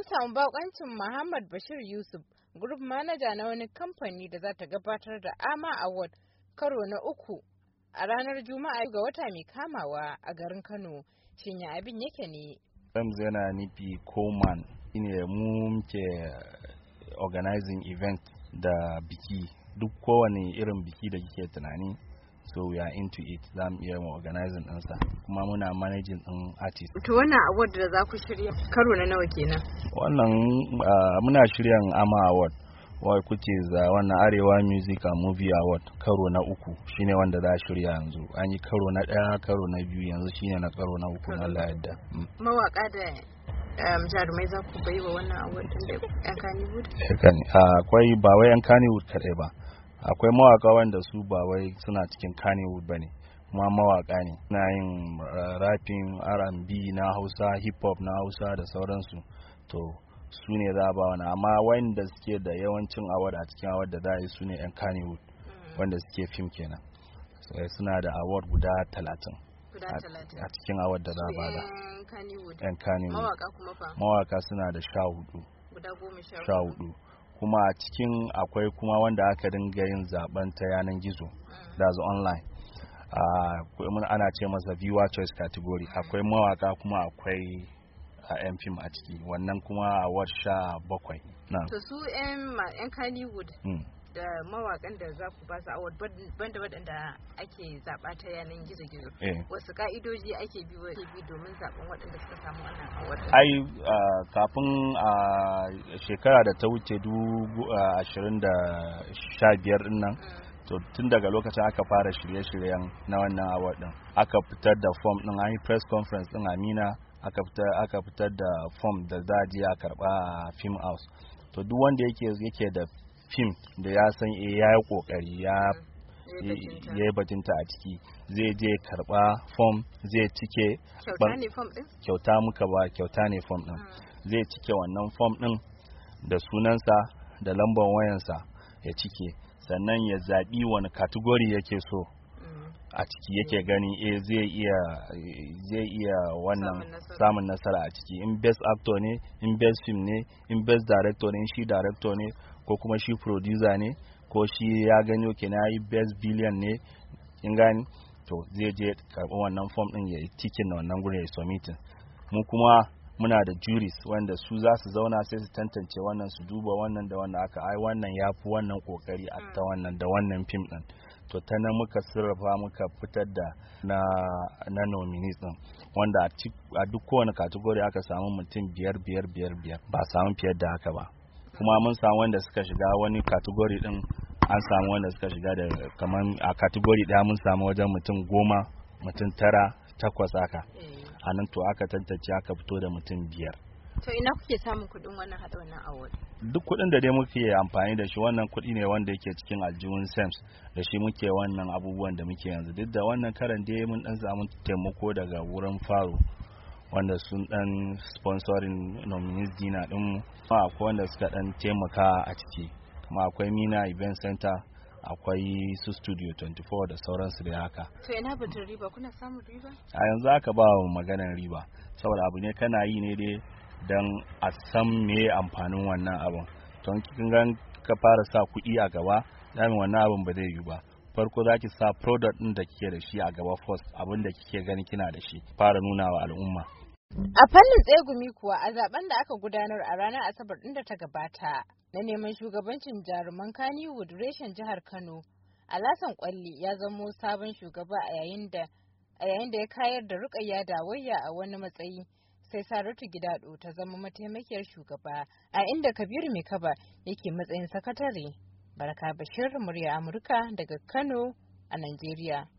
mun samu bakoncin Muhammad Bashir Yusuf, group manager na wani kamfani da za ta gabatar da AMA Award karo na uku a ranar Juma'a ga wata mai kamawa a garin Kano. Shin abin yake ne? Rams yana nufi Coleman ne mu ke organizing event da biki duk kowane irin biki da kike tunani so we are into it za mu iya organizing ɗinsa kuma muna managing ɗin artist to wannan award da za ku shirya karo na nawa kenan wannan muna shirya ama award wai kuke za wannan arewa music and movie award karo na uku shine wanda za a shirya yanzu an yi karo na ɗaya karo na biyu yanzu shine na karo na uku na layadda. mawaka mm. da um, jarumai za ku bai wa wannan award din da yan kaniwood akwai ba wai yan kaniwood kaɗai ba akwai mawaka wanda su ba wai suna cikin kanewood ba ne kuma mawaka ne na yin eh, rafin r&b na hausa hip hop na hausa da sauransu to su ne za a ba wani amma wanda suke da yawancin award a cikin award da za a yi su ne yan kanewood mm-hmm. wanda suke fim kenan eh, suna da award guda talatin a cikin award da za a bada yan kanewood mawaka suna da sha hudu sha hudu kuma a cikin akwai kuma wanda aka dinga yin zaben ta yanar gizo da zo online ana ce masa viewer choice category akwai mawaka kuma akwai a yan fim a ciki wannan kuma a sha bakwai na su yan kaliwood hmm. da mawakan da za ku ba su award banda waɗanda ake zaɓa ta yanan gizo-gizo eh. wasu ka'idoji ake bi bi domin zaɓen waɗanda suka samu wannan award ai kafin a shekara da ta wuce dubu ashirin da sha biyar nan mm. to tun daga lokacin aka fara shirye-shiryen na wannan awar din aka fitar da form din an yi press conference din amina aka fitar aka fitar da form da za a je a karba a film house to duk wanda yake yake da fim da ya san e ya yi kokari ya ya yi bajinta a ciki zai je karba fom zai cike kyauta muka ba kyauta ne fom din ah. zai cike wannan fom din da sunansa da lambar wayansa ya cike sannan ya zaɓi wani kategori yake so a ciki yake mm. gani eh zai iya zai iya wannan samun nasara a ciki in best actor ne in best film ne in best director ne in shi director ne ko kuma shi producer ne ko shi ya gani ke na yi best billion ne in gani to zai je karɓi wannan form din ya yi tikin na wannan gurin ya yi submitin mu kuma muna da juris wanda su za su zauna sai su tantance wannan su duba wannan da wannan aka ai wannan ya fi wannan kokari a ta mm. wannan da wannan fim din to ta nan muka sarrafa muka fitar da na na nominees din wanda a duk kowane category aka samu mutum biyar biyar biyar biyar ba samu fiye da haka ba kuma mun samu wanda suka shiga wani category din an samu wanda suka shiga da kamar a category daya mun samu wajen mutum goma mutum tara takwas haka eh. a nan to aka tantance aka fito da mutum biyar to ina kuke samun kudin wannan hada wannan award duk kuɗin da dai muke amfani da shi wannan kuɗi ne wanda yake cikin aljihun sems da shi muke wannan abubuwan da muke yanzu duk da wannan karan dai mun dan samun taimako daga wurin faro wanda sun dan sponsorin nominees dina din kuma akwai wanda suka dan taimaka a ciki kuma akwai mina event center akwai su studio 24 da sauransu da haka to ina batun riba kuna samun riba a yanzu aka ba maganar riba saboda abu ne kana yi ne dai don a san me amfanin wannan abin don kin ka fara sa kuɗi a gaba damin wannan abin ba zai yi ba farko za ki sa product din da kike da shi a gaba first abin da kike gani kina da shi fara nuna wa al'umma a fannin tsegumi kuwa a zaben da aka gudanar a ranar asabar ɗin da ta gabata na neman shugabancin jaruman Kannywood reshen jihar kano alasan kwalli ya zamo sabon shugaba a yayin da ya kayar da rukayya dawayya a wani matsayi sai Saratu Gidado ta zama mataimakiyar shugaba a inda Kabiru Mikaba yake matsayin sakatare. Baraka Bashir, murya Amurka daga Kano a Najeriya.